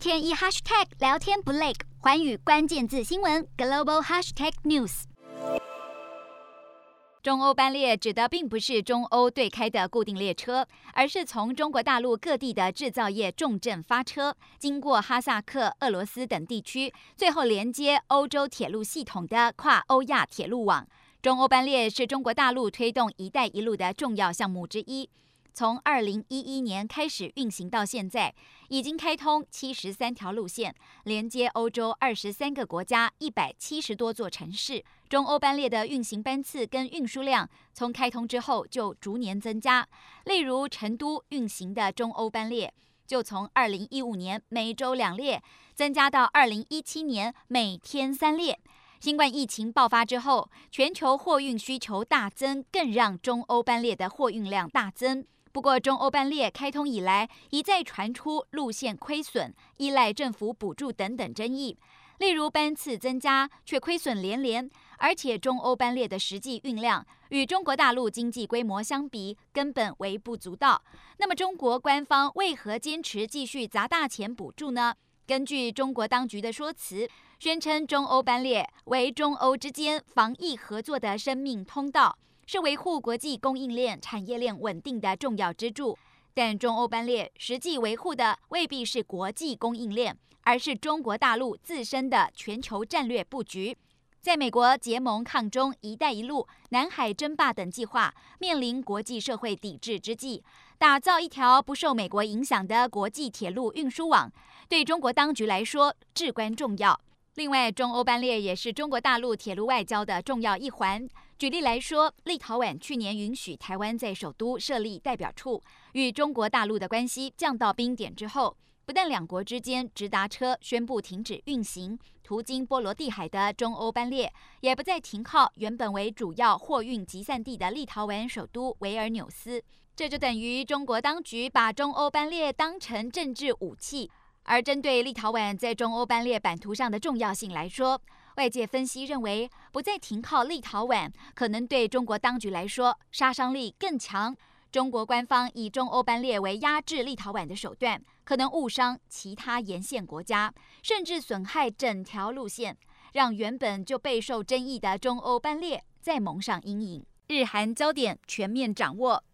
天一 hashtag 聊天不累，寰宇關鍵字新聞 global hashtag news。中歐班列指的並不是中歐對開的固定列車，而是從中國大陸各地的製造業重鎮發車，經過哈薩克、俄羅斯等地區，最後連接歐洲鐵路系統的跨歐亞鐵路網。中歐班列是中國大陸推動“一帶一路”的重要項目之一。從2011年開始運行到現在，已經開通73條路線，連接歐洲23個國家170多座城市。中歐班列的運行班次跟運輸量從開通之後就逐年增加。例如，成都運行的中歐班列就從2015年每周兩列增加到2017年每天三列。新冠疫情爆發之後，全球貨運需求大增，更讓中歐班列的貨運量大增。不過，中歐班列開通以來，一再傳出路線虧損、依賴政府補助等等爭議。例如，班次增加卻虧損連連，而且中歐班列的實際運量與中國大陸經濟規模相比，根本微不足道。那麼，中國官方為何堅持繼續砸大錢補助呢？根據中國當局的說辭，宣稱中歐班列為中歐之間防疫合作的生命通道。是維護國際供應鏈、產業鏈穩定的重要支柱，但中歐班列實際維護的未必是國際供應鏈，而是中國大陸自身的全球戰略布局。在美國結盟、抗中、一帶一路、南海爭霸等計劃面臨國際社會抵制之際，打造一條不受美國影響的國際鐵路運輸網，對中國當局來說至關重要。另外，中歐班列也是中國大陸鐵路外交的重要一環。舉例來說，立陶宛去年允許台灣在首都設立代表處，與中國大陸的關係降到冰點之後，不但兩國之間直達車宣布停止運行，途經波羅的海的中歐班列也不再停靠原本為主要貨運集散地的立陶宛首都維爾紐斯。這就等於中國當局把中歐班列當成政治武器。而針對立陶宛在中歐班列版圖上的重要性來說，外界分析認為，不再停靠立陶宛，可能對中國當局來說殺傷力更強。中國官方以中歐班列為壓制立陶宛的手段，可能誤傷其他沿線國家，甚至損害整條路線，讓原本就備受爭議的中歐班列再蒙上陰影。日韓焦點全面掌握。